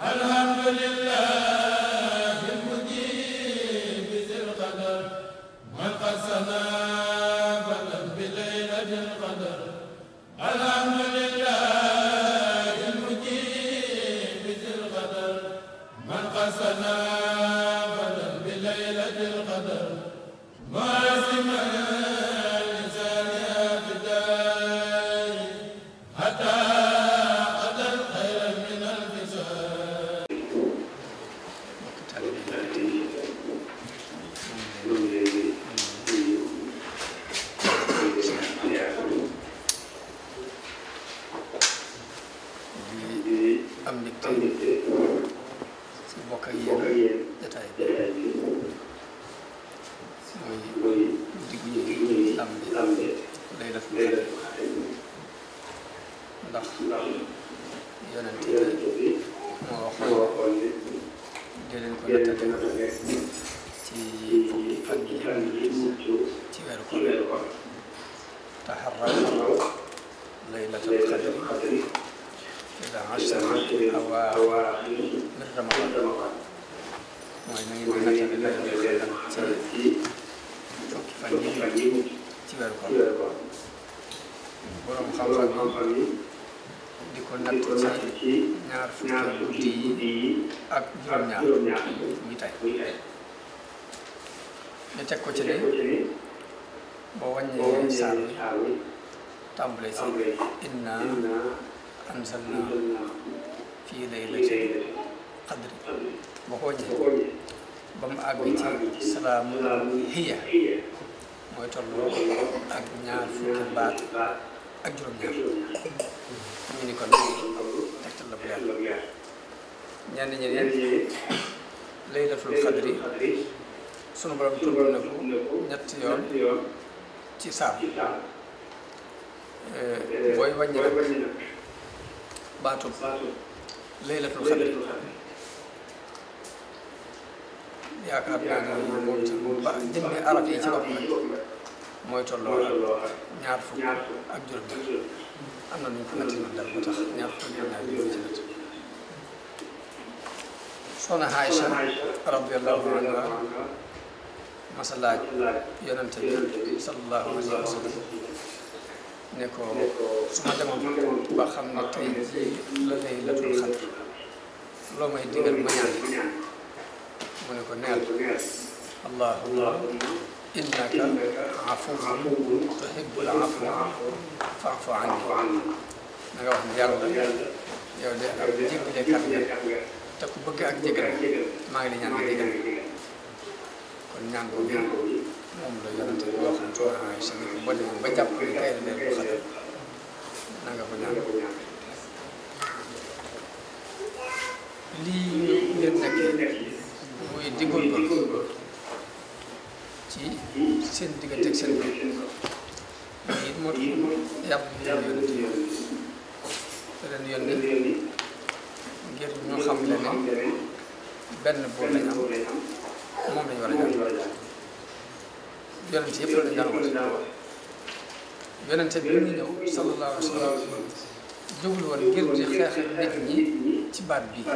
alhamdulillah المسجد الأواخر من رمضان mooy na ngeen nattale ci fukki fan ci weeru koor borom xam-xam yi di ko natt ci ñaar fukki guddi yi ak juróom-ñaar muy tey ñu teg ko ci ne boo wàññee saar wi tàmbalee si inna anzalna fii lay la ci xadri bu xooñee ba mu àgg xadri sunu borom tudd na yoon ci saam eh, booy wàññi nag laylatul xadr yaakaar naa ne moom itam ba jëmmi araf yi ci bopp nag mooy tolloo ñaar fukk ak juróom-ñaar am na nu ñu ko natt dal ba tax ñaar fukk ak juróom-ñaar ñu ci natt soxna Aïcha radiyallahu anha masa laaj yonente bi sallallahu alayhi wa sallam ne ko su ma demoon ba xam ne tey jii la lay latul xat loo may digal ma ñaan mu ne ko neel allahumma innaka afuwwun tuhibbul afwa fa'fu anni da nga wax ne yàlla yow de ak jéggalekat nga te ku bëgg ak jégal maa ngi lay ñaan nga jégal kon ñaan ko bi moom la yonante bi waxoon ci waxaan yi si nekk ba dem ba jàpp ne tey la leen ko xatal ko ñaan lii ngeen nekkee muy di góorgóorlu ci seen diggante ak seen bopp moo tax yàpp bi ñu yonante yi te leen yónni ngir ñu xam ne benn bool lañ am moom lañu war a yonent yëpp lañ daan woote yonent bi ñu ñëw sallallahu ci baat bii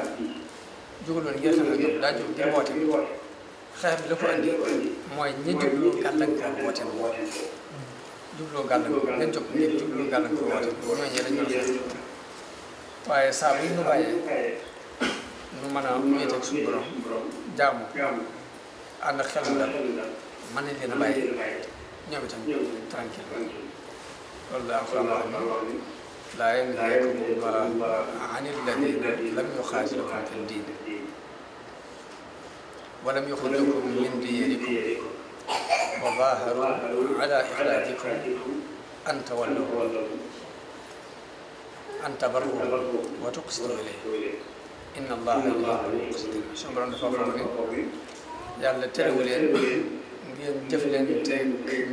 jógul woon ngir daa jóg di bi la ko andi mooy ñi jubloo gàllankoor woote woote jubloo gàllankoor ngeen jóg ngir jubloo gàllankoor woote ñooñu ñee dañ doon xeex waaye saa bu ñu nu mën a wéeteeg suñu borom jaamu ànd ak xel mu dal mën nañ leen a bàyyi ñoom itam tranquille loolu la alxuraan wax ni laa yanhaakum Allaahu ani lladiina lam yuqaatilukum fi ddiin wa lam yuxrijukum min diyaarikum wa daaharu alaa ixraajikum an tawallawhum an tabarruhum wa tuqsituu ilayhim inna Allaaha yuhibbul muqsitiin suñu borom dafa wax ne yàlla terewuleen ngeen jëflante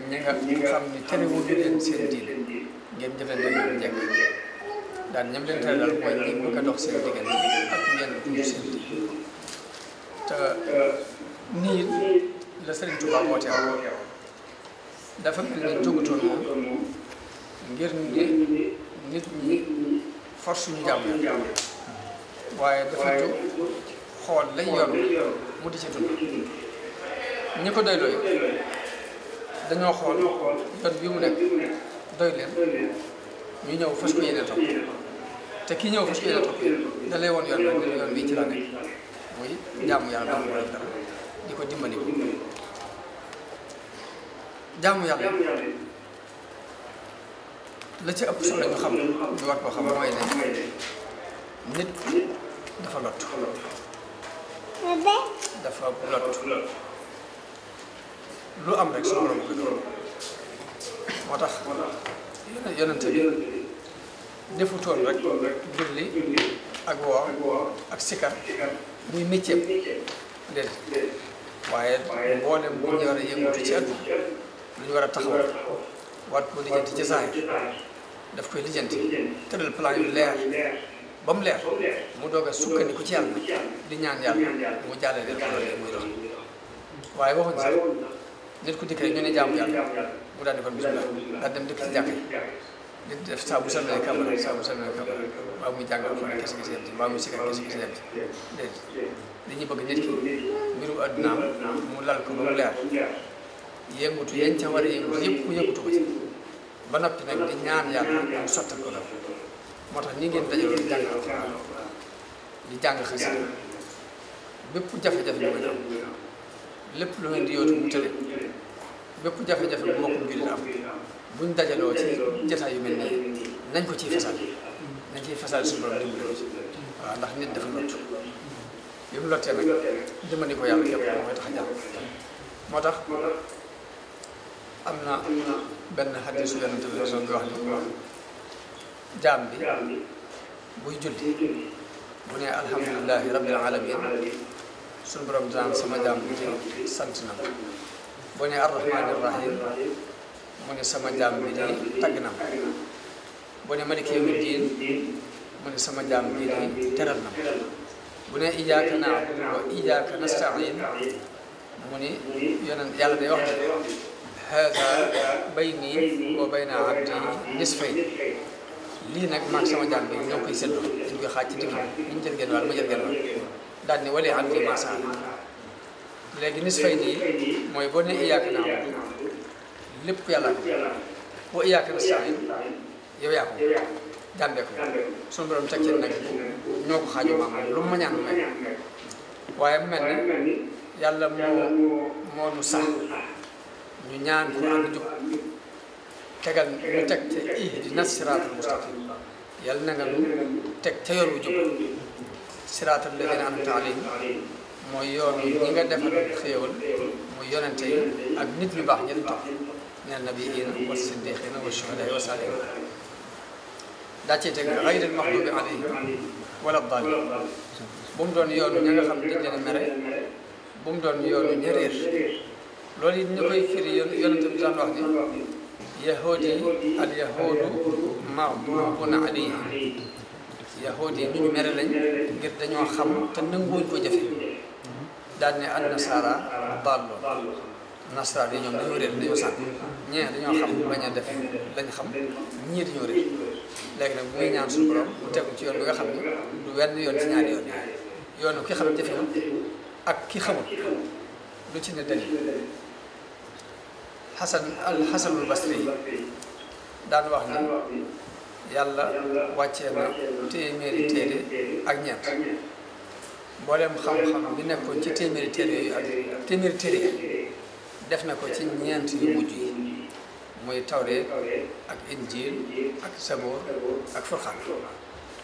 ñi nga xam ne terewuñu leen seen diine ngeen jëflante ñoom njëkk daan ñam leen tere a dox seen diggante ak ngeen dund seen diine te nii la Sëriñ Tuuba woote dafa mel ne jógutoon moom ngir ne nit ñi force ñu jàmm waaye dafa jóg xool lay yor mu di ci dund ñi ko doy looy dañoo xool yoon bi mu nekk doy ñu ñëw fas ko yéene topp te kii ñëw fas ko yéene topp da woon yoon bi yoon bii ci la nekk muy jaamu yàlla dama ko def dara di ko dimbali ko jaamu yàlla la ci ëpp solo ñu xam ñu war koo xam ne nit dafa lott dafa lott lu am rek suñu borom ko doon moo tax yonente bi defutoon rek julli ak woor ak sikar muy métier déedéet waaye mboolem bu ñu war a yëngatu ci àdduna lu ñu war a taxawal war koo lijjanti ci saa yi daf koy lijjanti tëral plan yu leer ba mu leer mu doog a sukkandiku ci yàlla di ñaan yàlla mu jàllale leen loolu muy doon waaye waxuñ sax nit ku dikk rek ñu ne jaamu yàlla mu daal di fan bisimilah daal dem dëkk ci jàkk yi di def saa bu sallee kamara saa bu sallee kamara waaw muy jàng alxuraan kese dañuy bëgg nit ki mbiru àddunaam mu lal ko ba mu leer yëngutu yañ ca war a yëngutu yëpp ku yëngutu ko ci ba noppi nag di ñaan yàlla mu sottal ko la moo tax ñi ngeen dajal di jàng alxuraan di jàng xasida bépp jafe-jafe ñu koy am lépp lu ngeen di yootu mu tële bépp jafe-jafe bu mbokkum jullit am buñ dajaloo ci jataay yu mel nii nañ ko ci fasal nañ ciy fasal suñu borom dimbali ko ndax nit dafa lott li mu lottee nag dimbali ko yàlla képp moo tax a moo tax am na benn xadiisu yonente bi rasul bi wax ni wax jaam bi buy julli bu ne alhamdulilahi rabbil alamin suñu borom daan sama jaam bu sant na ma boo nee arrahmaani rahim mu ne sama jaam bi di na ma boo nee maliki sama jaam bi di na ma bu nee iyaaka na'budu wa iyaaka nasta'iin mu ne yonent yàlla day wax ne haada bayni wa bayna abdi nisfayn lii nag maag sama jaam bi ñoo koy seddoo dañ koy xaaj ci digg bi ñu jël genn wàll ma jël genn wàll daal ne wali an fi maasaan léegi nis fay nii mooy boo ne iyaaka naa lépp yàlla ko boo iyaaka nastain yow yaa ko jàmbee ko sunu borom teg ci nag ñoo ko xaaju lu mu ma ñaan may waaye mu mel ni yàlla moo moo nu sax ñu ñaan ko ànd jub tegal ñu teg ca ihdina siraatal mustaqim yàlla na nga nu teg ca yoon wu jub siraatal lazina an'amta alayhim mooy yoon ñi nga defal xéewal muy yonente yi nit ñu baax ñeneen topp min annabiyyiina wa siddiqiina wa shuhadaa wa saalihiin daa cee teg gayril maxduubi alayhim wala daalliin bu mu doon yoonu ña nga xam ne dañ leen mere bu mu doon yoonu ña réer loolu it ñu koy firi yoon yonente bi daan yahood yi ñu mere lañ ngir dañoo xam te nanguwuñ ko jafe daal ne an nasaara daalloon nasaraan yi ñoom dañoo réer dañoo sànq ñee dañoo xam a def lañ xam ñii dañoo réer léegi nag bu muy ñaan suñu borom mu tegu ci yoon bi nga xam ne du wenn yoon ci ñaari yoon yoonu ki xam jafewul ak ki xamul lu ci ne dali xasan al xasanul basri daan wax ne yàlla wàccee na téeméeri téere ak ñeent mboolem xam-xam bi nekkoon ci téeméeri téere yooyu ak téeméeri téere def na ko ci ñeent yu mujj yi muy tawreet ak injil ak saboor ak furxaan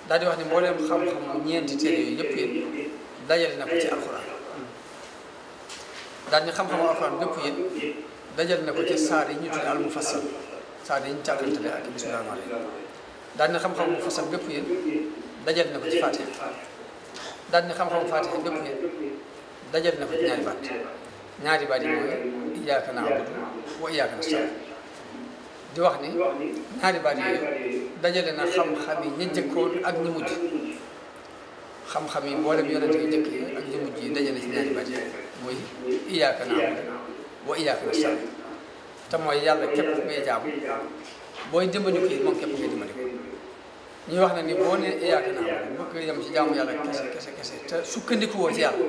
daal di wax ni mboolem xam-xam ñeenti téere yooyu yëpp it dajale na ko ci alxuraan daal ni xam-xam alxuraan yëpp it dajale na ko ci saar yi ñu tuddee al mufassal saar yi ñu càkkantale ak bismillah daal ne xam-xam bu bépp yéen dajal na ko ci Fatiha daal ne xam-xam bu dajal na ko ñaari baat ñaari baat yi mooy iyyaka na'budu wa iyyaka wax ni ñaari dajale na xam-xam yi ña jëkkoon ak ñi mujj xam-xam yi mboolem yonent yi ci ñaari baat mooy yàlla képp booy dimbali ko it moom képp ngay dimbali ñuy wax na ni boo ne yaakaar naa bu ko yem ci jaamu yàlla kese kese kese te sukkandiku woo ci yàlla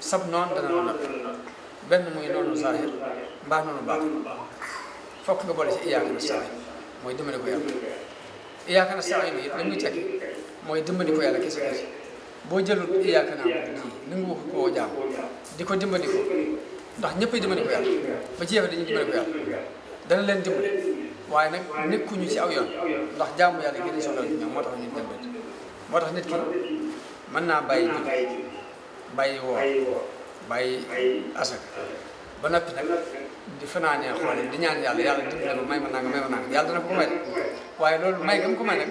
sab noonu dana la noppi benn muy noonu zahir mbaa noonu baatin fokk nga boole ci iyaaka nasta'iin mooy dimbali ko yàlla iyaaka nasta'iin mooy dimbali ko yàlla kese kese boo jëlul iyaaka naa ji ni nga koo jaam di ko dimbali ko ndax ñëppay dimbali ko yàlla ba ci yëf dañuy dimbali ko yàlla dana leen dimbali waaye nag ku nekkuñu ci aw yoon ndax jaamu yàlla gën a soxla ñoom ñu dem bët moo tax nit ki mën naa bay bàyyi julli bàyyi woor bàyyi asak ba noppi nag di fanaanee xoole di ñaan yàlla yàlla di ne may ma nanga may ma nanga yàlla dana ko ko may waaye loolu may gam ko may nag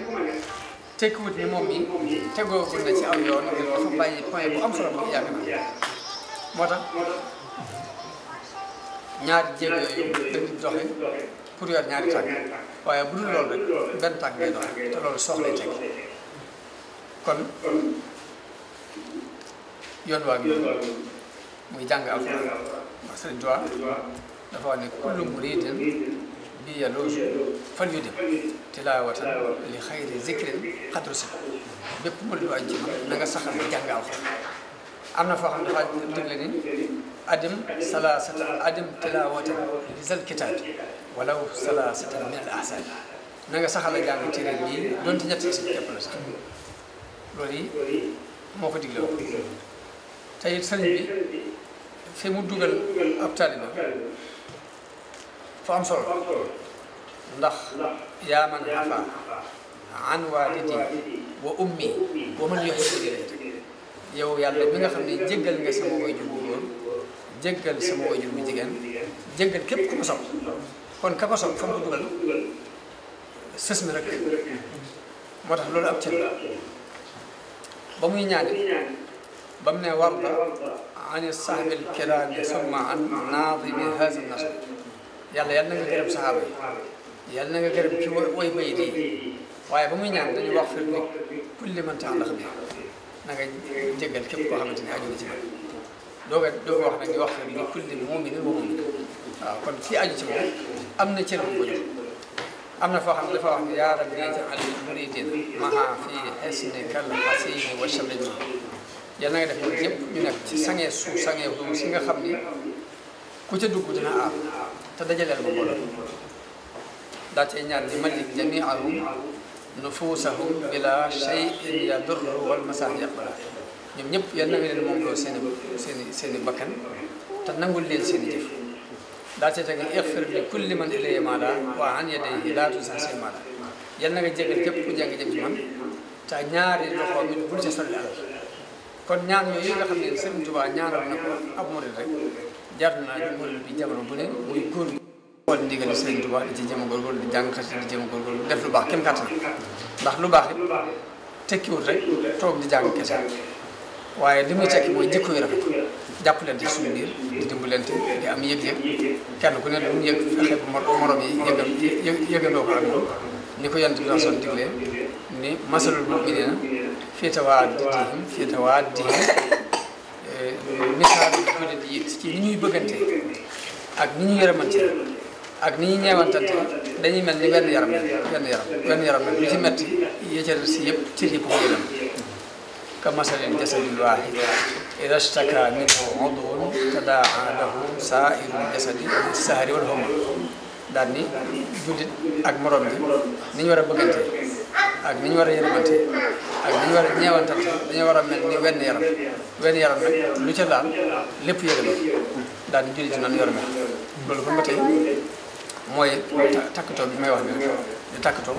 tekkiwut ni moom mi tegoogul na ci aw yoon ngir dafa bàyyi point am solo boobu yàgg na moo tax ñaari jéego yooyu dañu doxe pour yor ñaari tànk waaye bu dul loolu rek benn tànk ngay doon te loolu soxlay teg kon yoon waa ngi muy jàng alxuraan ndax Sëriñ dafa wax ne kullu muridin bi yaloosu fan yu dem tilaawatan li xayri zikrin xadru si bépp mu lu aj ci na nga saxal nga jàng alxuraan am na fa xam ne dafa digle ni adim salaasata adim tilaawata li zal kitaab walaw salaasata min al ahsaan na nga saxal a jàng téere yi donte ñetti si képp la sax loolu moo ko digle woon te it fa am solo ndax yaa man afa an waalidi wa ummi wa man yoxe yow yàlla bi nga xam ne jéggal nga sama wayjur bu góor jéggal sama wayjur bu jigéen jéggal képp ku ko kon ka ko sopp fa dugal sës mi rek moo tax loolu ab cër la ba muy ñaani ba mu ne warda ani sahbil kiraami summa an naadimi haza nasr yàlla yàlla na nga gërëm saxaaba yi yàlla na nga way bay di waaye ba muy ñaan dañu wax fi ne kulli man taalax bi na nga jéggal képp koo xamante ne aju na ci man doo ko doo ko wax nag di wax li kulli mu'minin wa mu'minat waaw kon kii aju ci moom am na cër bu ko jox am na foo xam ne dafa wax ne yaa rabbi ij'al muriidin maa fi hisnika al-hasini wa shamil ma yal na nga def ñun ñëpp ñu nekk ci sangee suuf sangee doom si nga xam ni ku ca dugg dina aar te dajaleel ba mbooloo daa cay ñaan di malik jami'ahum nufuusahum ila shay'in yadurru wal masaaj yaqbala ñoom ñëpp yal na nga leen moom loo seen i seen seen i bakkan te nangul leen seen i jëf daa cee teg li kulli man ilayhi maada wa an yadayhi laa tusansi maada yal na nga jégal ku jàng ci man te ñaari loxo mi bul ca sori alal kon ñaan yooyu nga xam ne Sëriñ Tuubaa ñaanal na ko ab murid rek jar na murid bi jamono bu ne muy góor moo di ndigal Sëriñ Tuubaa di ci jëm góorgóorlu di jàng xasida di jëm góorgóorlu di lu baax kem kàttan ndax lu baax it tekkiwut rek di jàng kese waaye li muy tekki mooy jikko yu di am yëg kenn ku ne lu mu yëg fexe ba morom yi yëgal yëgandoo ko ak ni ko yant bi wax ni masalul mu'minina fii tawaa di diim fii tawaa di eh, misaal ci ni ñuy bëggante ak ni ñuy yërëmante ak ni ñuy ñeewantante dañuy mel ni benn yaram benn si yëpp cër yëpp koy dem ka masalin jasadil waahid idaa shtakaa minhu udwun tadaa'a bi ni war a bëggante ñu war a yërëmante ak ni dañoo war wenn yaram wenn yaram lu ca laal lépp yëgandoo daal di jullit ci noonu yor mel loolu ba ma tey mooy takkatoo bi may wax nii di takkatoo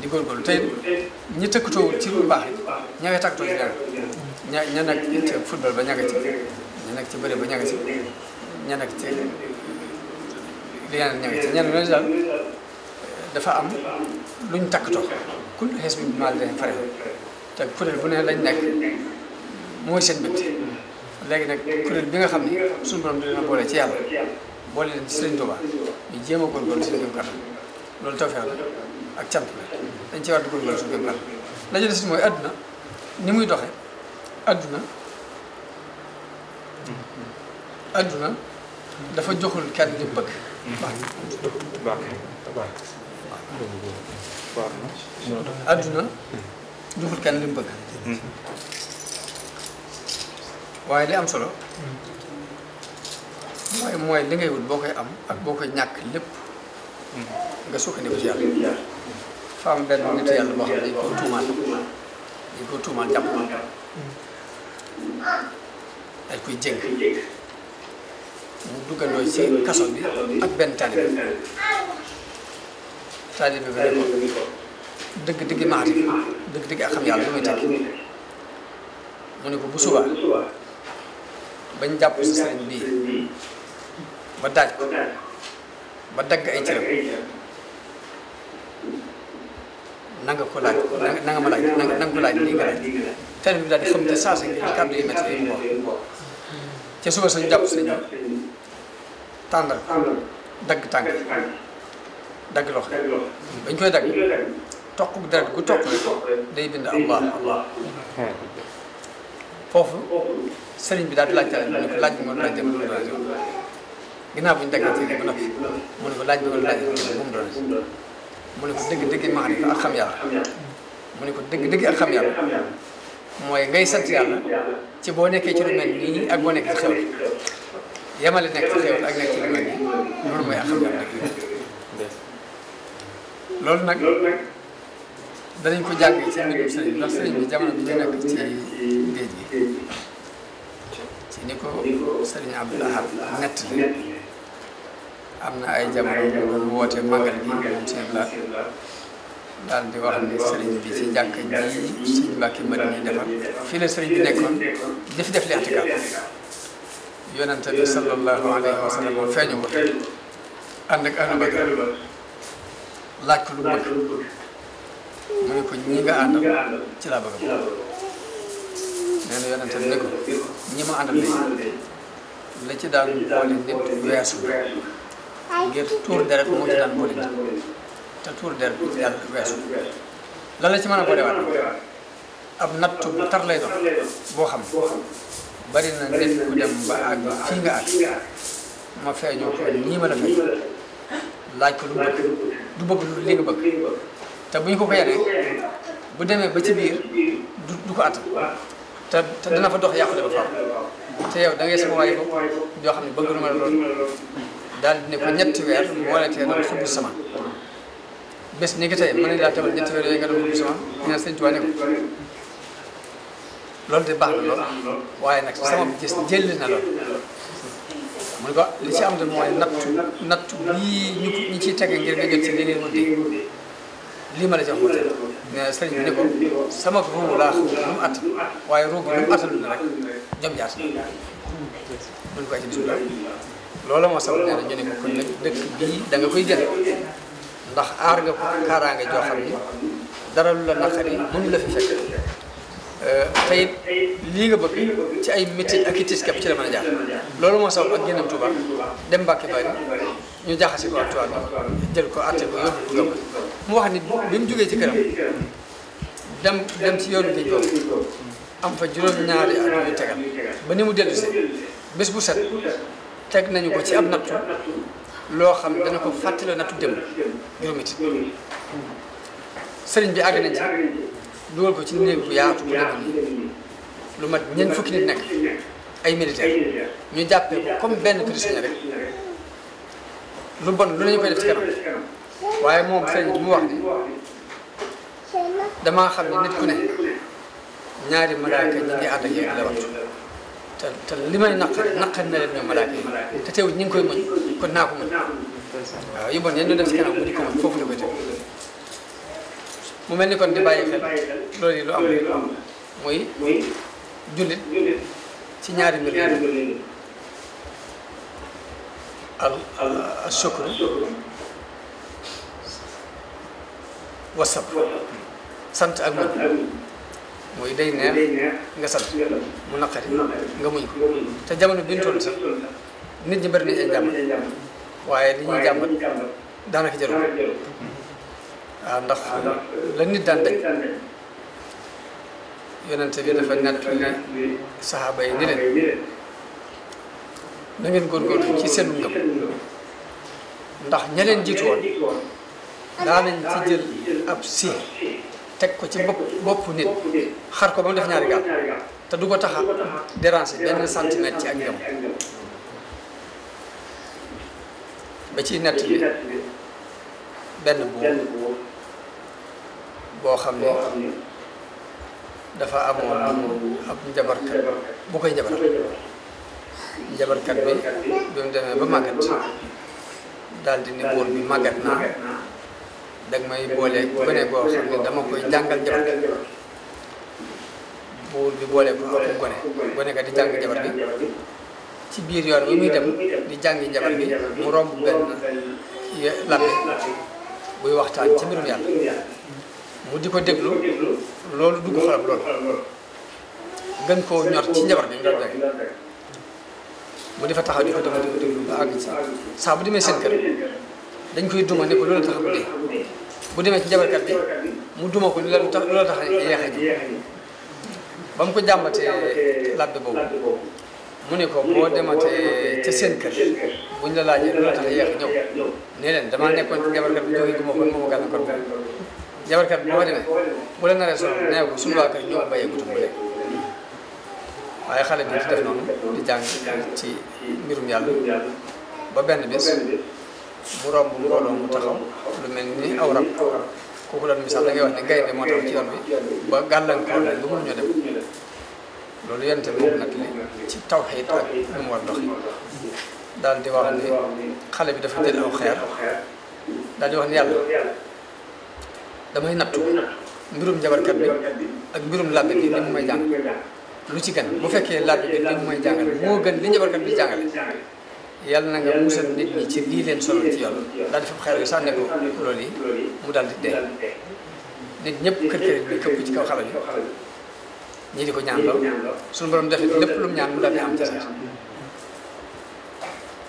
di góorgóorlu tey ñi takkatoo ci lu baax ña ngay takkatoo ci dara ña ña nekk ci football ba ña nga ci ña nekk ci bëre ba ña nga ña nekk ci leneen ña nga ci ñenn ñooñu daal dafa am luñ takkatoo kul xees bi maal dañ fare te kuréel bu ne lañ nekk mooy seen bët léegi nag kuréel bi nga xam ne suñu borom dina boole ci yàlla. boole leen ci Sëriñ Tuubaa ñu jéem a góorgóorlu loolu tawfeex la la dañ ci war di góorgóorlu suñu kéem kàttan la ci des mooy àdduna ni muy doxe àdduna àdduna dafa joxul kenn li bëgg baax na àdduna joxul li bëgg waaye li am solo mooy li ngay wut boo koy am ak boo koy ñàkk lépp nga sukkandiku ci yàlla fa am benn nit yàlla boo xam ne dañ tuumaal jàpp dañ ak benn taalibe taalibe bi ne ko dëgg dëgg maati dëgg dëgg ak xam yàlla lu muy tekki mu ne ko bu subaa bañ jàpp si sëriñ bii ba daaj ba dagg ay cëram na ko laaj na nga ma laaj na nga ko laaj lii nga laaj teel bi daal di xam te saa dagg tànk dagg loxo bañ koy dagg toq deret gu toq day bind allah allah foofu sëriñ bi daal di laaj teel laaj bi nga laaj dem laaj ginnaaw bu ñu daggee téere ba noppi mu ne ko laaj bi ko laaj bu mu doon mu ne ko dëgg-dëgg maarifa ak xam yàlla mu ne ko dëgg-dëgg ak xam yàlla mooy ngay sant yàlla ci boo ak boo nekkee ci xewal nekk ci xewal ak nekk ci lu mel loolu mooy ak danañ ko jàng ci mbirum sëriñ bi nekk ci géej gi ci ni ko sëriñ Abdul Ahad nett li am na ay jamono bu woote màggal gi moom seen laat daal di wax ne sëriñ bi ci jàkk ji sëriñ Mbàkke Madina defar fii la sëriñ bi nekkoon def li i'tikaaf yonente bi sallallahu alayhi wa sallam moom feeñu lu mu bëgg a la ci daan boole ngir tuur deret moo ci daan politique te tuur deret bu ci daan weesu lan ci mën a ko ab nattu bu tar lay doon boo xam bari na nit ku dem ba àgg fii nga àgg ma feeñoo ko nii ma la feeñ laaj ko lu mu du bëgg lu li nga bëgg te bu ñu ko ko yaree bu demee ba ci biir du du ko attan te te dana fa dox yàqule ba faaw te yow da ngay sama waay ko yoo xam ne bëgg na ma la lool daal di ne ko ñetti weer moo la tee doon xubbu sama bés ni ngi tey mu ne daal tamit ñetti weer yooyu nga doon loolu de baax na lool waaye nag sama gis jëlli na mu ne ko li ci am de mooy nattu nattu bii ciy tege ngir nga jot ci li ngeen mën dee lii ma la jox wute ne sëriñ bi ne ko sama ruubu laa xam lu waaye ruubu lu mu attanul na rek jom jaat na mun ko ci bisimilah loolu moo sabab nee na ñu ne ko kon nag dëkk bii da koy jël ndax aar nga ko kaaraange joo xam ni dara lu la naqari mënu la fi fekk euh, te lii nga bëgg ci ay métit ak i tiskap ci la mën a jaar loolu moo sabab ak génnam Tuuba dem ñu jaxase ko ak jël ko àtte ko yóbbu ko gëm mu wax ni bi mu jógee ci këram dem dem ci yoonu géej boobu am fa juróom-ñaari at yu tegal ba ni mu dellusee bés bu set teg nañu ko ci ab nattu loo xam dana ko fàttali nattu dem juróomiti sëriñ bi àgg nañ ci dugal ko ci néeg bu yaatu bu demee lu mat ñeent fukki nit nekk ay militaire ñu jàppee ko comme benn prisonnier rek lu bon lu nañu koy def ci kanam waaye moom sëriñ bi wax ni damaa xam ne nit ku ne ñaari malaaka ñi ngi ànd ak yéen la wattu te te li may naqari naqari na leen ñoom malaaka yi te teewul ñu koy mën kon naa ko mën waaw yu bon yan ñu def si mu mel ni kon di bàyyi xel loolu ñaari mbir al al shukru sant ak mooy day neex nga sant mu naqari nga muñ ko te jamono bi ñu toll sax nit ñi bëri nañ ay waaye li ñuy jàmbat daanaka jarul waaw ah, ah, ndax la nit daan dañ yonente bi dafa nett ni saxaaba yi ni leen na ngeen góorgóorlu ci seenu ngëm ndax ña leen jiitu daanañ ci jël ab teg ko ci bopp boppu nit xar ko ba mu def ñaari gaal te du ko tax a déranger benn centimètre ci ak ñoom ba ci net bi benn buur boo xam ne dafa amoon ab njabarkat bu koy njabar njabarkat bi bi mu demee ba màggat daal di ne buur bi màggat naa danga may boole gone goo xam ne dama koy jàngal jabar gi buur bi boolee ko ak gone gone ga di jàng jabar bi ci biir yoon wi muy dem di jàngi jabar bi mu romb benn labbe buy waxtaan ci mbirum yàlla mu di ko déglu loolu dugg xolam loolu gën koo ñor ci njabar bi ñu doon jàng mu di taxaw di ko def di ko déglu ba àgg ci bu demee seen kër dañ koy duma ne ko loolu tax demee ci jabarkat mu duma ko loolu tax loolu tax yeex a ko jàmbatee labbe boobu mu ne ko boo dematee ca seen kër buñ la laajee loolu tax yeex a ñëw nee leen damaa nekkoon ci jabarkat bi jóge duma ko moom a gàllankoor bi jabarkat bi boo demee bu la naree sonal nee ko suñu waa kër ñoo bàyyee gutum bu waaye xale bi di def noonu di jàng ci mbirum yàlla ba benn bés bu romb mbooloo mu taxaw lu mel ni aw rab kooku doon misaal da wax ne gaynde moo tax ci yoon bi ba gàllankoor lañ ba mënuñoo dem loolu yonent bi moom nag li ci tawhiid ak lu mu war doxee daal di wax ne xale bi dafa jël aw xeer daal di wax ne yàlla damay nattu mbirum njabarkat bi ak mbirum làbbe bi ni mu may jàng lu ci gën bu fekkee làbbe bi ni mu may jàngale moo gën li njabarkat bi jàngale yàlla na nga musal nit ñi ci lii leen sonal ci yoon daal di fab xeer gi sànne ko loolu yi mu daal di dee nit ñëpp kër kër bi këpp ci kaw xale bi ñii di ko ñaan lool suñu borom defit lépp lu mu ñaan am ci sax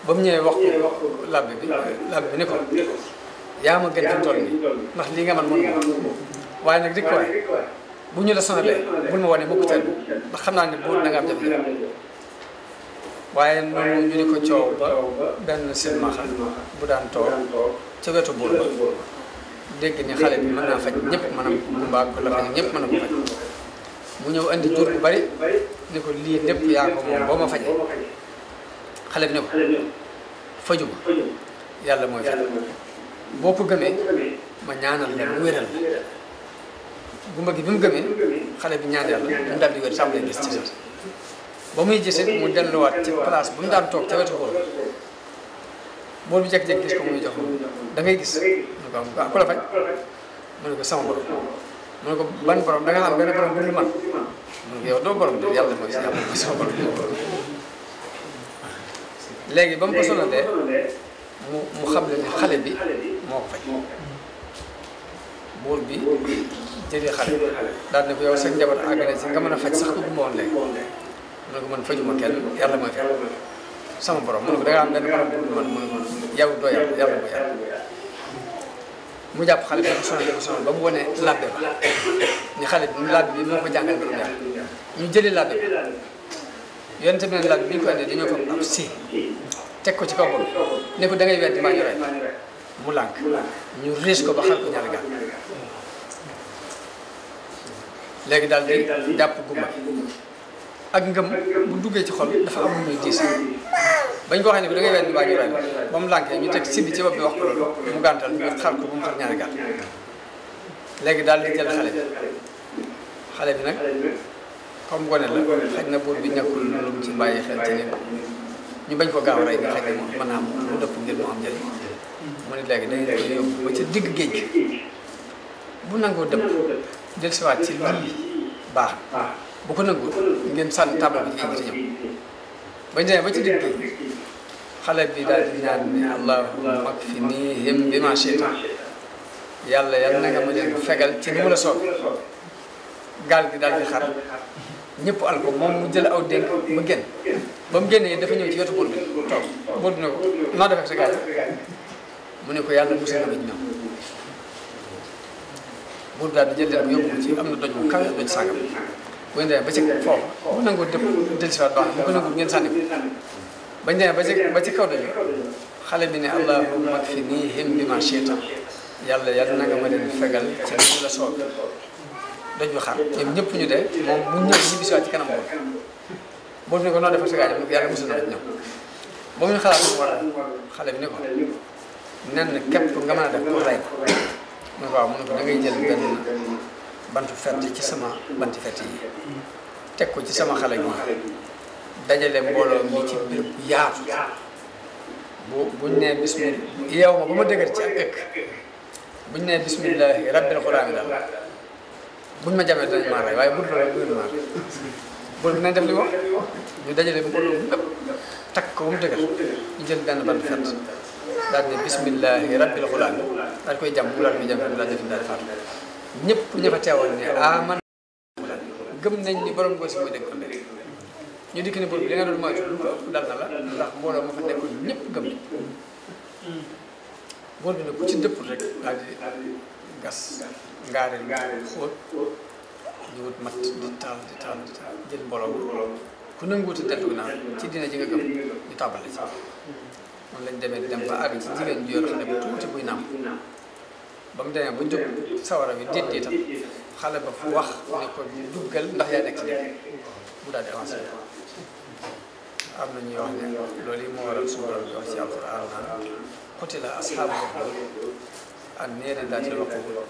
ba mu ñëwee wax ko labbe bi labbe bi ne ko yaa ma gën bi ndax lii nga man mën waaye nag dikk waaye bu ñu la sonalee bul ma wane mukk teel ndax xam naa ne bu da nga am jafe-jafe waaye noonu ñu di ko coow ba benn silmaxa bu daan toog ca wetu buur ba dégg ni xale bi mën naa faj ñëpp mën a ñëw andi jur bu bari ni ko lii lépp yaa boo ma fajee xale bi ne ko faju yàlla mooy faj boo ko gëmee ma ñaanal la mu wéral gumba gi bi mu gëmee xale bi ñaan yàlla mu daal di wér sàmm gis ci sa ba muy gis it mu delluwaat ci place bu mu daan toog ca wetu xool mool bi jékki-jékki gis ko muy jox da ngay gis mu ne ko ah ku la faj mu ne ko sama borom mu ne ko ban borom da nga xam benn borom man mu ne ko yàlla mooy si yàlla mooy sama borom léegi ba mu ko sonalee mu mu xam le xale bi moo ko faj buur bi jëlee xale daal ne ko yow sa njaboot àgg na si nga mën a faj sax ko bu ma ne ko man fajuma kenn yàlla mooy faj sama borom mu ne ko da ngaa am benn borom bu man mu ne ko yow doo yàlla yàlla mooy yàlla mu jàpp xale bi dafa sonal dafa sonal ba mu wane labbe ba ni xale bi labbe bi moo ko jàngal ba mu yàlla ñu jëlee labbe bi yonent bi ne labbe bi ñu ko andee dañoo fa am si teg ko ci kaw boobu ne ko da ngay weddi maa ñu rey mu lànk ñu riis ko ba xal ko ñaari gaal léegi daal di jàpp gumba ak ngëm bu duggee ci xol dafa amul muy diis bañ ko waxee ne ko da ngay weddi waa Juraay ba mu lànkee ñu teg siddi ci bopp bi wax ko mu gàntal ñu xar ko bu mu xar ñaari gàtt léegi daal di jël xale bi xale bi nag comme gone la xaj na buur bi ñàkkul lu mu ci bàyyi xel ci ñu bañ ko am lu dëpp ngir mu am njëriñ léegi dañu ko yóbbu ba ci digg géej gi bu nangoo dëpp dellusiwaat ci lii baax bu ko nangu ngeen sànni table bi léegi te ñëw bañ demee ba ci digg xale bi daal di ñaan ne allahumma kfinihim bi ma shi'ta yàlla yàlla gi daal di xar ñëpp jël aw dénk mu génn ba mu génnee dafa ñëw ci wetu bunt bi toog bunt na ko naa def ak mu ne yàlla musal na ma ñoom bunt jël ci am na doj bu kawe doj sàngam bu ñu demee ba ci foofu bu nangu dëpp dellusiwaat baax bu ko nangu ngeen sànni ko ba ñu demee ba ci ba ci kaw dañu xale bi ne allahumma kfinihim bima shi'ta yàlla yàlla na nga ma leen fegal ci li la soog doj bu xar ñoom ñëpp ñu dee moom bu ñëw ñu bisiwaat ci kanam boobu ne ko noo defal sa gaañ mu yàlla mosul na ñëw boobu ñu xalaat war xale bi ne ko nen képp nga mën a def pour rey ko mu ne ko waaw mu ne ko da ngay jël benn bantu fett ci sama bantu fett yi teg ko ci sama xale gi dajale mbooloo mi ci biir bu yaatu bu buñ ne bismil yeew ma ba ma dëgër ci ak ëkk buñ ne bismillahi rabbil quraan daal buñ ma jamee dañ maa rey waaye bu dul rek bu dul maa rey bu dul nañ def li wax ñu dajale mbooloo mi ëpp takk ko ba mu dëgër ñu jël benn bantu fett daal ne bismillahi rabbil quraan daal koy jàmm bu laal koy jàmm bu laal daal di ñëpp ña fa teewoon ne ah man gëm nañ ni borom Ngossi mooy dëkk bi ñu dikk ne boobu li nga doon moytu lu dal na la ndax mbooloo ma fa nekkoon ñëpp gëm nañ boor bi ku ci dëppul rek daal di gas ngaareel xóot ñu wut mat di taal di taal di taal jël mbooloo ku nanguwuti deltu naa ci dina ji nga gëm ñu tàbbal la ci moom lañ demee dem ba àgg ci jigéen ju yor xale bu tuuti buy nàmp ba mu demee ba jóg sawara bi déet déetam xale ba fu wax ne ko duggal ndax yaa nekk ci dëkk mu daal di avancé am na ñuy wax ne loolu yi moo waral suñu borom bi wax ci alquran naan qutila ashaabul uxduud an-naari zaatil waquud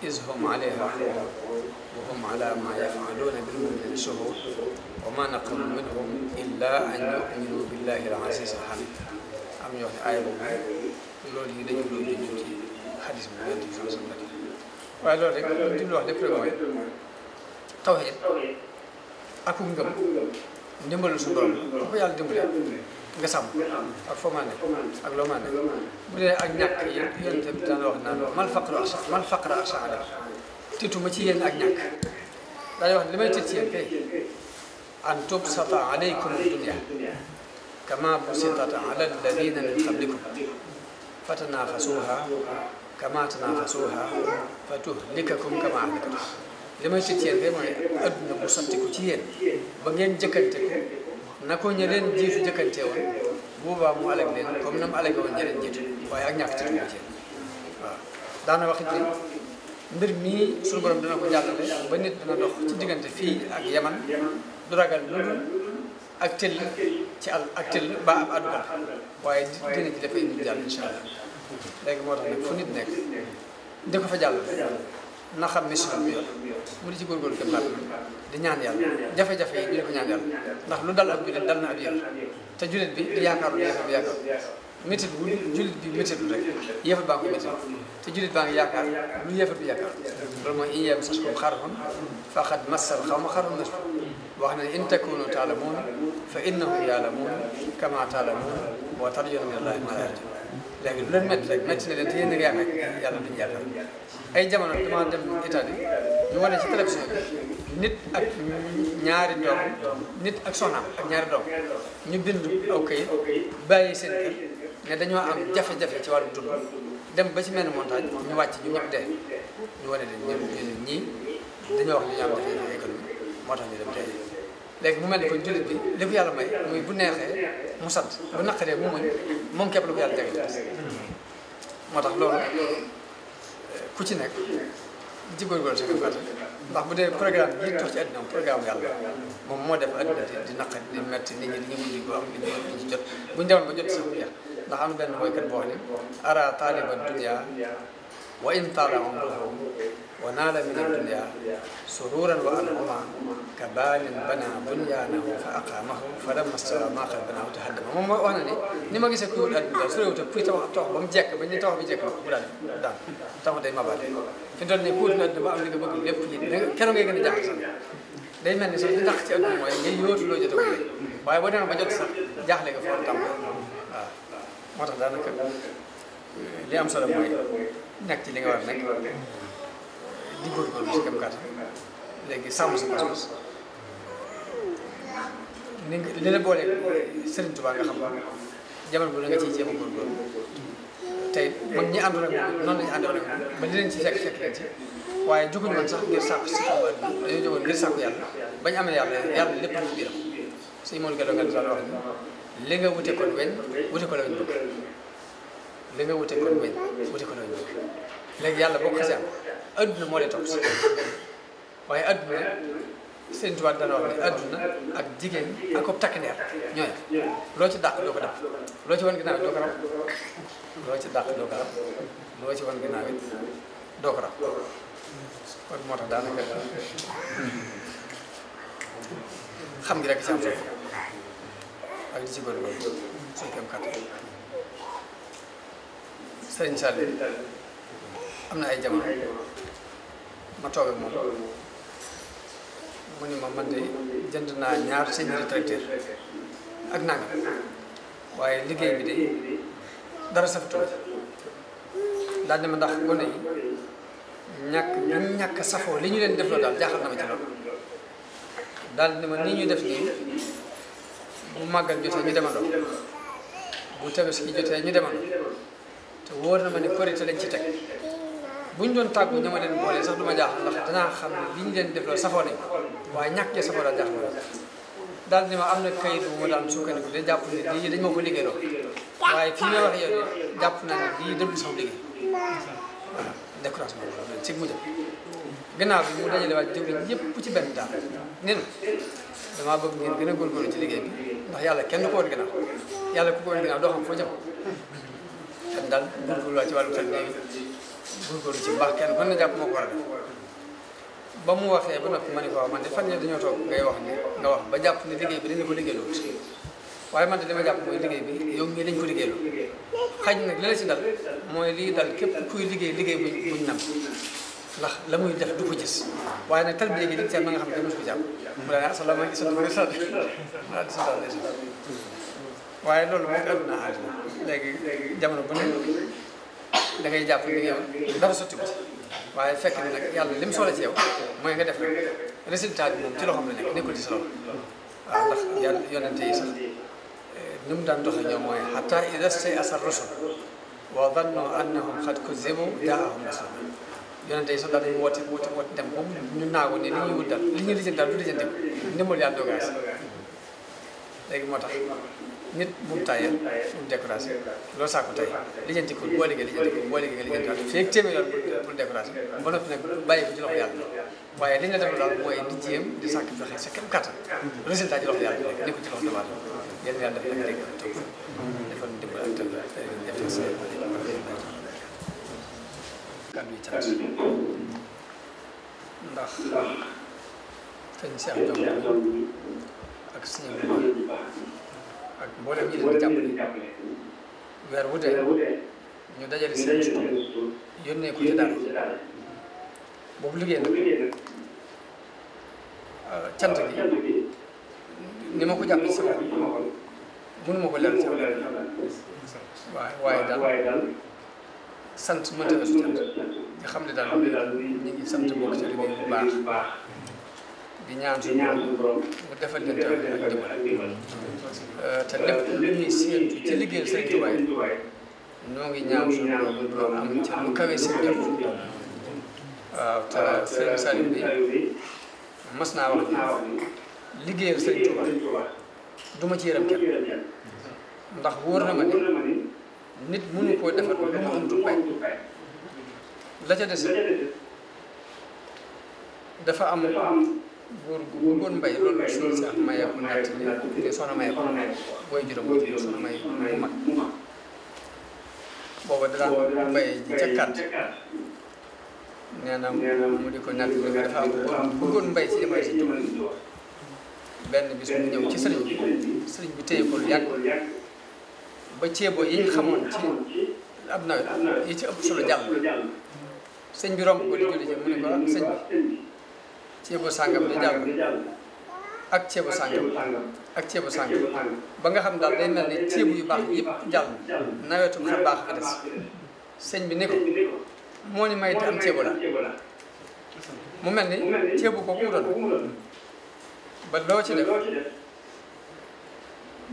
iz hum alayhaa qu'uud wa hum alaa maa yaf'aluuna bil mu'miniina shuhuud wa maa naqamuu minhum illaa an yu'minuu billaahil aziizil hamiid am ñu wax ne aaya boobu loolu yi dañu doon junj ci xadis bi yonent bi sallallahu alayhi wa sallam waaye loolu rek li mu wax lépp rek mooy tawhiid ak ngëm ndimbalu su borom bu ko yàlla dimbalee nga sàmm ak foo maa ne ak loo maa ne bu dee ak ñàkk yonent bi daan wax naan man faqru asa man faqra asa ala tiituma ci yéen ak ñàkk daay wax li may tiit ci yéen kay an tubsata alaykum dunya kama busitat ala alladina min qablikum fatanafasuha kama tanaafasuuha fa tuhlikakum kama ahlakat li may sit yéen rek mooy adduna bu sotti ko ci yéen ba ngeen jëkkante ko na ko ña leen jiitu boobaa mu alag leen comme woon ña leen waaye ak ñàkk ci tuuti ci waaw daana wax it mbir mii suñu borom dina ko jàllale ba nit dina dox ci diggante fii ak yaman du ragal lu dul ak tëll ci al ak tëll ba ab addugal waaye dina ci defee ñu jàll incha allah léegi moo tax nag fu nit nekk di ko fa jàll na xam mission bi yor mu di ci góorgóorlu képp laaj di ñaan yàlla jafe-jafe yi ñu ko ñaan yàlla ndax lu dal ab jullit dal na ab yéex te jullit bi di yaakaar lu yéex bi yaakaar métit wu jullit bi métit lu rek yéefa baa ko métit te jullit baa ngi yaakaar lu yéefa bi yaakaar loolu mooy iyaam saskum xarxun faqad massal xawma xarxun nas wax na in takunu taalamuun fa innahum yaalamuun kama taalamuun wa tarjuuna minallaahi maa léegi lu leen métti rek métti na leen te yéen a ngi yaakaar duñu yaakaar jamono dama dem Italie ñu wane ci télévision nit ak ñaari doom nit ak soxnaam ak ñaari doom ñu bind aw kayit bàyyi seen kër ne dañoo am jafe-jafe ci wàllu dund dem ba ci mel ni montagne ñu wàcc ñu ñëpp dee ñu wane leen ñëpp ñu ne ñii dañoo wax li ñu am jafe-jafe économie moo tax ñu dem dee léegi mu mel ni ko jullit bi li ko yàlla may muy bu neexee mu sant bu naqaree mu muñ moom képp lu ko yàlla jagleel moo tax loolu ku ci nekk di góorgóorlu si ndax bu dee programme yi tax ci àddina moom moo def àddina di naqari di metti nit ñi di ñu mujj bu am di ci jot bu ñu demoon jot si jeex benn mooy kat boo xam ne ara taaliba wa in taala umruhu wa naala min a dunya sururan wa an'ama a baanin bana bunyaanahu fa aqaamahu fa lamma stawaa maa a tahaddama moom mooy wax na ne ni ma gisee kuy a àdduna su réew te kuy tabax tabax ba mu jekk ba ñu tabax bi jekk mu daal daan tabax day mabaate fi mu toll nii ku wut àdduna ba am li nga bëgg lépp a jaaxal sax day mel ni sax li tax ci àdduna mooy ngay yóotu loo jot a waaye boo demee ba jot sax jaaxle nga foofu tàmbali waaw moo tax daanaka li am solo mooy nekk ci li nga war a nekk di góorgóorlu si kam kàttan léegi sàmm sa pas-pas ni nga li la boolee Serigne Touba nga xam jamono bu la nga ciy jéem a góorgóorlu tey mag ñi ñu àndoon sax ngir sàkku si xabaar bi dañoo jógoon ngir lépp suñu moom gëdoo nga daan wax li nga wute kon weñ wute ko la weñ bëgg li nga wute man lu bañ wute ko loo léegi yàlla boo ko xasee am adduna moo lay topp si waaye adduna seen tubaab dana wax ne adduna ak jigéen ak ko takk neer ñooy loo ci dàq doo ko dab loo ci wan ginnaaw doo ko ci dàq doo ko rab ci wan ginnaaw doo ko moo tax daanaka xam ngi rek ci am solo ak di ci góorgóorlu suñ kam Serigne Saliou am na ay jamono ma toog ak moom mu ni ma man de jënd naa ñaar seen tracteur ak nanga waaye liggéey bi de dara safatu daal ne ma ndax gone yi ñàkk ñu ñàkk safoo li ñu leen def loolu daal jaaxal na ma ci loolu daal ma nii ñu def nii bu màggal jotee ñu demandoo bu tabaski jotee ñu demandoo te wóor na ma ne korité lañ ci teg buñ doon tàggu ña ma leen boole sax du ma jaaxal ndax danaa xam ne li ñu leen defloo safoo nañ waaye ñàkk cee safoo daal jaaxal ma daal am na kayit bu ma daan sukkandiku de jàpp ne lii dañ ma ko liggéeyloo waaye fii may wax yow jàpp naa ne lii dëgg sama liggéey voilà découragement boobu ci mu jëm gannaaw bi mu dajale waat jóge ñëpp ci benn daal nee na damaa bëgg ngeen gën a ci liggéey bi ndax yàlla kenn du ko woon gannaaw yàlla ku ko woon doo xam foo daal góorgóorlu waa ci wàllu tali bi góorgóorlu ci baax kenn mën na jàpp moo ko war a def ba mu waxee ba noppi ma ne ko waaw man de fan ne dañoo toog ngay wax ne nga wax ba jàpp ne liggéey bi dañu ko liggéeyaloo waaye man de dama jàpp mooy liggéey bi yow mii ko liggéeyaloo xaj nag li si dal mooy lii dal képp kuy liggéey liggéey buñ buñ nam ndax la muy def du ko gis waaye nag tarbiya gi nit seen ma nga xam ne dama ko jàpp. mu daal a wa rahmatulah. waaye loolu moom àdduna àdduna léegi jamono bu ne da ngay jàpp ni yow dara sotti ko ci waaye fekk na nag yàlla li mu soxla ci yow mooy nga def nag résultat bi moom ci loxoom la nekk nekkul ci sa loxo waaw ndax yàlla yonente yi sax eh, ni mu daan doxee ñoom mooy hatta ida stay'asa rusul wa dhannu annahum qad kuzzibu jaa'ahum rasuluna yonente yi sax daal dañu woote woote woote dem moom ñu naagu ne li ñuy wut daal li ñuy lijjanti daal du lijjanti ko ndimbal yàlla doogaa si léegi moo tax nit bu mu tàyyal bu mu découragé loolu sax ko tey lijjanti ko boo liggéey lijjanti ko boo liggéey nga lijjanti ko fii ak téeméer yoon bul découragé ba noppi nag bàyyi ko ci loxo yàlla waaye li ñu la defal daal mooy di jéem di sàkk joxe sa kem kàttan résultat ci loxo yàlla nekk ni ko ci loxo damaa yéen yàlla def nag dégg toog defal ñu dimbal ak tamit defal sa kàddu yi cant ndax sëñ Cheikh Diop ak sëñ ak mboolem ñi leen di jàppale weer wu dee ñu dajale seen suuf yónnee ko ci daal boobu liggéey ah, ah, ma ko jàpp si sama waaye waaye daal sant mënta la su cant nga xam ne daal ñu ngi sant mbokk ci liggéey bu baax. di ñaan suñu borom mu defal leen ak dimbal euh, te lépp lu ñuy ci liggéeyal Sëriñ Tuubaa ñoo ngi ñaan suñu borom am ci lu kawe seen jot waaw te Sëriñ Saliou bi mas naa wax liggéeyal Sëriñ Tuubaa du ci yërëm kenn ndax wóor na ma ne nit mënu koo defar lu mu amatul pay la ca des dafa am. góor gu góor mbay loolu la suñu sax maye ko natt te soxna maye ko booy juróom moo tudd soxna maye mu mag booba daan ji ca kàtt na mu di ko natt li dafa am góor góor mbay si jamono si tudd benn bi mu ñëw ci sëriñ bi sëriñ bi téye ko lu yàgg ba ceebo yi ñu xamoon ci ab nawet yi ci ëpp solo jàll sëñ bi romb ko di julli mu ne ko sëñ ceebu sàngam di jàll ak ceebu sàngam ak ceebu sàngam ba nga xam daal day mel ne ceebu yu baax yëpp jàll nawetum xar baax a des señ bi ne ko moo ni may te am la mu mel ni ceebu kooku mu doon ba loo ci def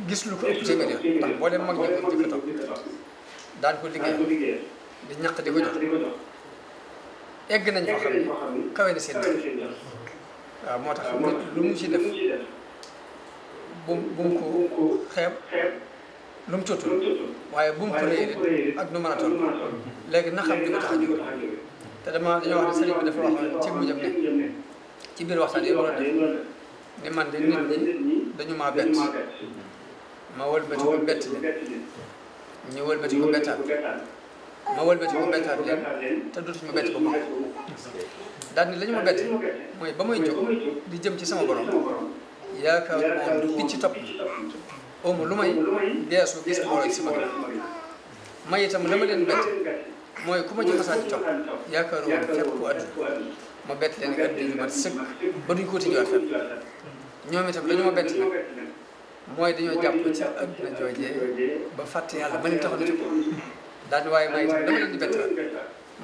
gis lu ko ëpp téeméer yoon ndax boo dem mag ñi ko di ko toog daan ko liggéey di ñaq di ko jox egg nañ xam ne kawe na seen waaw moo tax nit lu mu ci def bu bu mu ko xeeb lu mu tuutul waaye bu mu ko réeré ak nu mën a toll léegi na xam di ko tax a jóg te dama dañoo wax ne sëriñ bi dafa wax ci mujjam ne ci biir waxtaan yi war a def ni man de nit ñi dañu maa bett ma wëlbati ko bett leen ñu wëlbati ko bettaat ma wëlbati ko bettaat leen te dootuñu ma bett ko ma daal ni la ñu ma bett mooy ba may jóg di jëm ci sama borom yaakaar moom du ci topp omo lu may geesu gis moo la ci sama kanam may itam la ma leen bett mooy ku ma ci masaa ci topp yaakaar moom fépp ku addu ma bett leen ak addu yu mat sëkk ba duñ ko tijjiwaat fépp ñoom itam dañu ma bett nag mooy dañoo jàpp ci àdduna joojee ba fàtte yàlla ba leen taxoon ci ko daal waaye may itam la ma leen bett la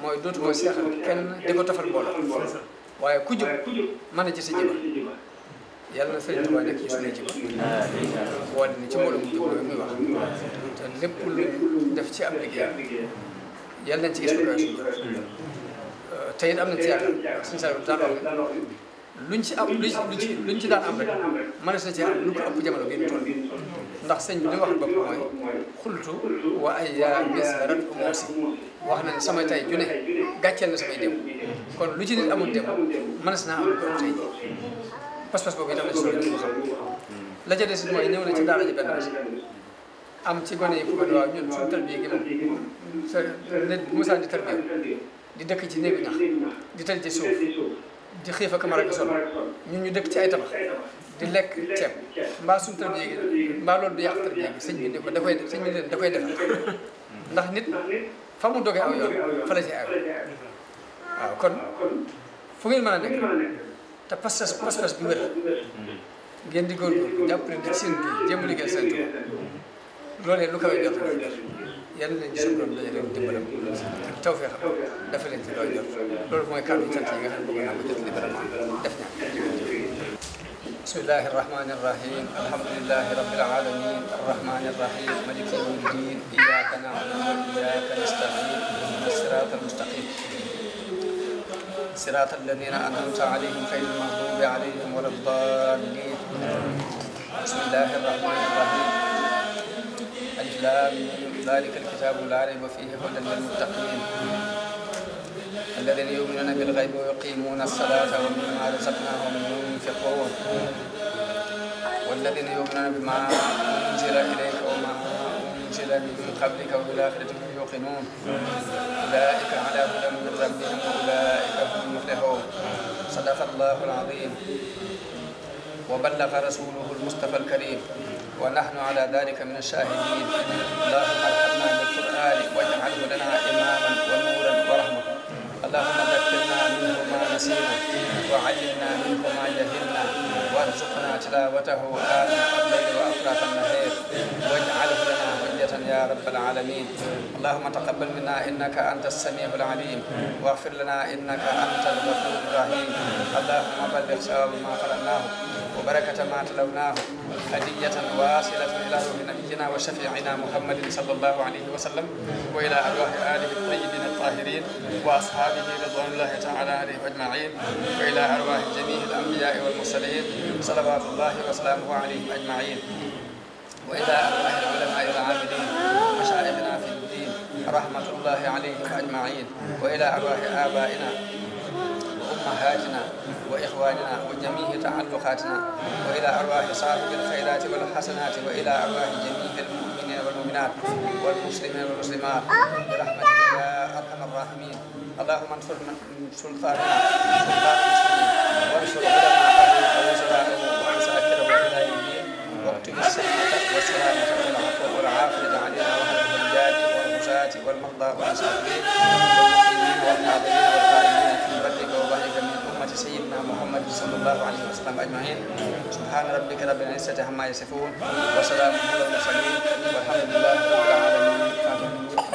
mooy dootu ko seexal kenn di ko tafal mbooloo waaye ku jóg mën a ci sa jiba yàlla na sëriñ Tuubaa nekk ci suñu jiba boo dina ci mbooloo mu jóg loolu muy wax te lépp lu def ci ab liggéey yàlla nañ ci gis ko suñu te it am nañ ci yaakaar suñu saa daa wax luñ ci am luñ ci luñ ci daan am rek mënees na ci am lu ko ëpp jamono bi ñu toll ndax sëñ bi li wax bopp mooy xultu wa ay yaa bis rat ko moosi wax na ne sama tay ju ne gàcceel na samay déw kon lu ci nit amul déw mënees naa am lu ko am tey jii pas-pas boobu itam la ci suñu ko ca des it mooy ñëw na ci daara ji ci gone yi ku mel waaw ñun suñu tarbiya sa nit bu mosaan di tarbiya dëkk ci néegu ñax di tëj ci suuf di xiif ak mar ak solo ñun ñu dëkk ci ay tabax di lekk ceeb mbaa suñu tarbiya gi mbaa loolu du yàq tarbiya gi sëñ bi ne ko da koy sëñ bi ne da koy defar ndax nit fa mu doge aw yoon fa la ci aw waaw kon fu ngeen mën a nekk te pas-pas pas-pas bi wér mm. ngeen di góorgóorlu jàppale di seen kii jéem a liggéey seen tubaab loolee lu kawe jot yan lañ ci suñu doon dajalee dimbalam ak tawfeexam dafa leen ci doon jot loolu mooy kàddu cant yi nga xam ne bëgg naa ko jot li vraiment def ñaan bismillahi irrahmani irrahim alhamdulilahi rabbil alamin arrahmani irrahim maliki yawmi ddin iyaka na'budu إياك نستعين اهدنا الصراط المستقيم صراط الذين أنعمت عليهم غير المغضوب عليهم ولا الضالين بسم الله الرحمن الرحيم ألف ذلك الكتاب لا ريب فيه هدى للمتقين الذين يؤمنون بالغيب ويقيمون الصلاة ومما رزقناهم ينفقون والذين يؤمنون بما أنزل إليهم أنزل من قبلك وبالآخرة هم يوقنون أولئك على هدى من ربهم وأولئك هم المفلحون صدق الله العظيم وبلغ رسوله المصطفى الكريم ونحن على ذلك من الشاهدين اللهم ارحمنا بالقرآن واجعله لنا إماما ونورا ورحمة اللهم ذكرنا منه ما نسينا وعلمنا منه ما جهلنا وارزقنا تلاوته آناء الليل وأطراف النهار واجعله لنا خالصة يا رب العالمين اللهم تقبل منا إنك أنت السميع العليم واغفر لنا إنك أنت الغفور الرحيم اللهم بلغ ثواب ما قرأناه وبركة ما تلوناه هدية واصلة إلى روح نبينا وشفيعنا محمد صلى الله عليه وسلم وإلى أرواح آله الطيبين الطاهرين وأصحابه رضوان الله تعالى عليهم أجمعين وإلى أرواح جميع الأنبياء والمرسلين صلوات الله وسلامه عليهم أجمعين وإلى أرواح العلماء والعاملين ومشايخنا في الدين رحمة الله عليهم أجمعين وإلى أرواح آبائنا وأمهاتنا وإخواننا وجميع تعلقاتنا وإلى أرواح صاحب الخيرات والحسنات وإلى أرواح جميع المؤمنين والمؤمنات والمسلمين والمسلمات برحمتك يا أرحم الراحمين اللهم انصر من سلطاننا سلطان المسلمين وانصر علماءنا بالصحة والسلامة والعفو والعافية علينا وعلى الولاد والغزاة والمرضى والمسافرين والمقيمين والحاضرين والقائمين في برك وبرك من أمة سيدنا محمد صلى الله عليه وسلم أجمعين سبحان ربك رب العزة عما يصفون وسلام على المرسلين والحمد لله رب العالمين